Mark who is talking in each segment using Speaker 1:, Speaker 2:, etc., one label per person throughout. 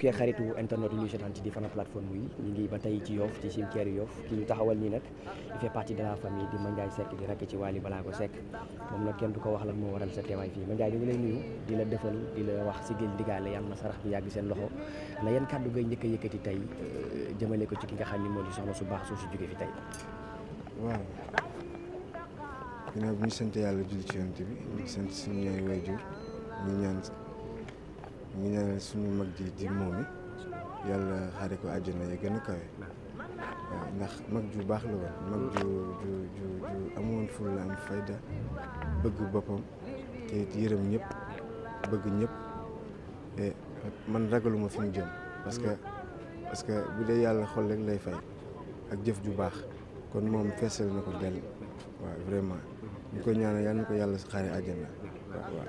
Speaker 1: kee xaritu internet yi ñuy seetaan ci différentes plateformes yi ñu ngi ba tey ci Yoff ci cimetière Yoff ki ñu taxawal nii nag il fait partie de la famille di Mandiaye Seck di rakk ci Wally Ballago Seck moom nag kenn du ko wax lan moo waral sa teewaay fii Mandiaye ñu ngi lay nuyu di la defal di la wax si gël digaale yàlla na sarax bi yàgg seen loxo la yan kàddu ngay njëkk a yëkkati tey euh, jëmale ko ci ki nga xam ni moo di soxna su baax soo su jógee fi tey waaw
Speaker 2: ginnaaw bi ñu sant yàlla jul ci yonent bi ñu sant suñu ñaari waajur ñu ñaan ñu ñaanal suñu mag ji di moom yi yàlla xare ko àjjana yi gën a kawe waaw ndax mag ju baax la woon mag ju ju ju ju amoon ful la am fayda bëgg boppam te it yërëm ñëpp bëgg ñëpp man ragaluma fi mu jëm parce que parce que bu dee yàlla xol rek lay fay ak jëf ju baax kon moom feesal na ko dell waaw vraiment ñu koy ñaanal ko yàlla si xaaree àjjana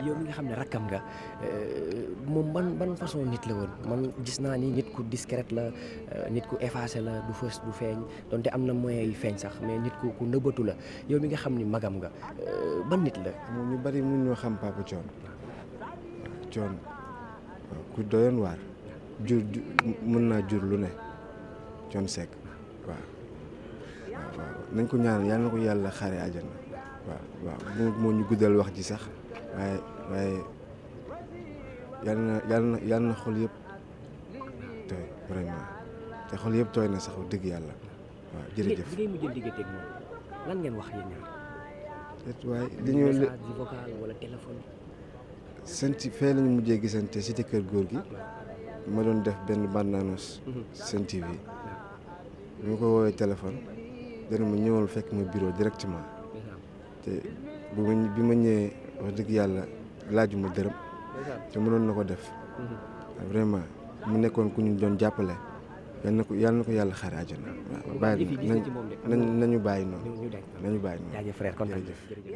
Speaker 1: yow mi nga xam ne rakkam nga euh, moom ban façon nit la woon man gis naa ni nit ku discret la euh, nit ku effacé la du fës du feeñ donte am na moyen yi feeñ sax mais nit ku nëbbatu la yow mi nga xam ni magam nga euh, ban nit la. moom ñu bari mun
Speaker 2: ñoo xam papa Thione Thione ku doyoon waar jur mën naa jur lu ne Thione Seck waaw waaw waaw ko ñaan yal na ko yàlla xaaree àjjana. waaw waaw moom moo ñu guddal wax ji sax waaye waaye yal na yal na xol yëpp tooy te xol yëpp tooy na sax digg yàlla waaw jërëjëf. li wax yéen ñaar. waaye li ñu message vocal wala téléphone. sant fee lañu mujjee gisante si kër góor gi ah, ma doon def benn bande annonce mhm. seen TV ah, bi ñu ko woowee téléphone dana ma ñëwal fekk ma bureau directement. te bi ma bi ma ñëwee wax dëgg yàlla laajuma dërëm te mënoon na ko def mhm. ah, vraiment mu nekkoon ku ñu doon jàppale yal na ko yal na ko yàlla xare àjjana waaw bàyyi nañ nañu bàyyi noonu nañu bàyyi noonu jaajëf frère kontaan jërëjëf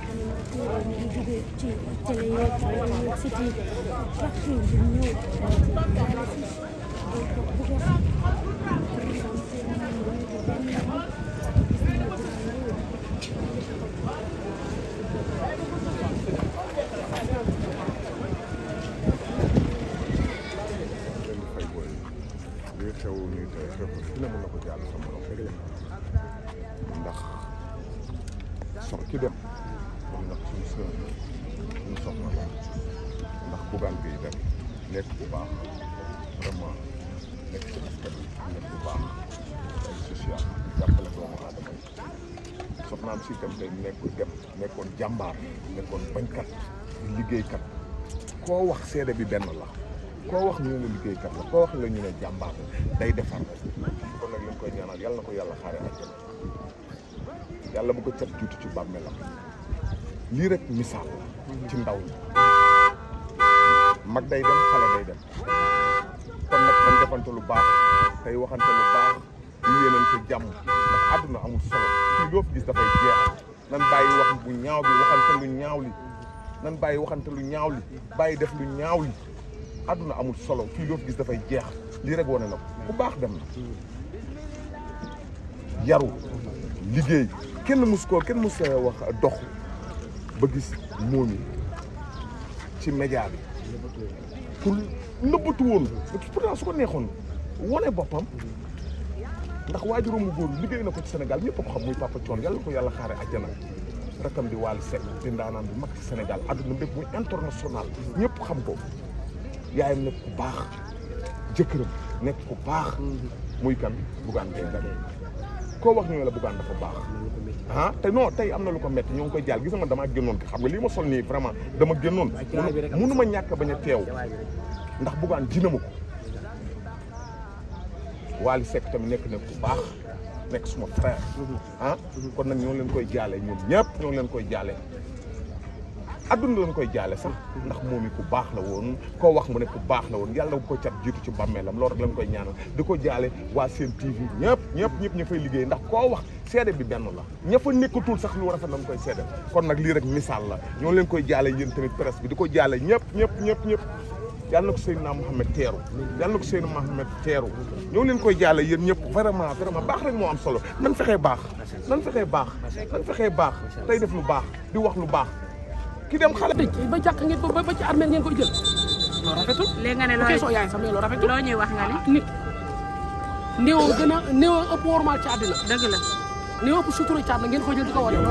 Speaker 1: ñu ngi jógee ci télé yeeg rajo yeeg site yi partout di ñëw ndax so ki dem parce que ñu soxla ci askan bi nekk nekkoon jàmbaar nekkoon bañkat di liggéeykat koo wax seede bi benn la wax ñu liggéeykat la koo wax day defar kon nag li ñu koy ñaanal yàlla na ko yàlla xaare àjjana yàlla bu ko cat tuuti ci bàmmeelam lii rek misaal la ci ndaw ñi mag day dem xale day dem kon nag dañ defante lu baax tay waxante lu baax ñu yéenante jàmm ndax àdduna amul solo fii loo fi gis dafay jeex nan bu ñaaw bi ñaaw li nan bàyyi waxante lu ñaaw li def lu ñaaw àdduna amul solo fii loo fi gis dafay jeex lii rek wane na ko baax dem na yaru liggéey kenn mus koo kenn mus wax dox ba gis yi ci média bi pour nëbbatu woon pourtant su ko neexoon wane boppam ndax waajuram mu góor liggéey na ko ci Sénégal ñëpp a ko xam muy Papa Thione yàlla ko yàlla xaare àjjana rakam di Wally Seck di ndaanaan bi mag ci Sénégal àdduna bépp muy international ñëpp xam ko yaayam nekk ku baax jëkkëram nekk ku baax muy kan Bougane Gueye Dany koo wax ñu ne la Bougane dafa baax ah te non tey am na lu ko métti ñoo ngi koy jaal gis nga damaa génnoon xam nga lii ma sol nii vraiment dama génnoon mënu ma ñàkk bañ a teew ndax Bougane ji na ma ko Wally Seck tamit nekk na ku baax nekk suma frère ah kon nag ñoo leen koy jaalee ñoom ñëpp ñoo leen koy jaalee adduna lañ koy jaale sax ndax moom it ku baax la woon koo wax mu ne ku baax la woon yàlla ko cat jiitu ci bàmmeelam loolu rek lañ koy ñaanal di ko jaale waa seen TV ñëpp ñëpp ñëpp ña fay liggéey ndax koo wax seede bi benn la ña fa nekkatul sax lu rafet lañ koy seede kon nag lii misaal la ñoo leen koy jaale yéen tamit presse bi di ko jaale ñëpp ñëpp ñëpp ñëpp yàlla na ko Seydina Mouhamed teeru yàlla na ko Seydina Mouhamed teeru ñoo leen koy jaale yéen ñëpp vraiment vraiment baax rek moo am solo nan fexee baax nan fexee baax nan fexee baax tey def lu baax di wax lu baax ki dem xale ba jàkk ngeen ba ci armée ngeen koy jël loolu rafetul léegi nga ne looy soo yaay sax mais loolu rafetul loo ñuy wax nga nit néew gën a néew ëpp la
Speaker 2: néew ëpp sutura ci àddina ngeen koy jël di ko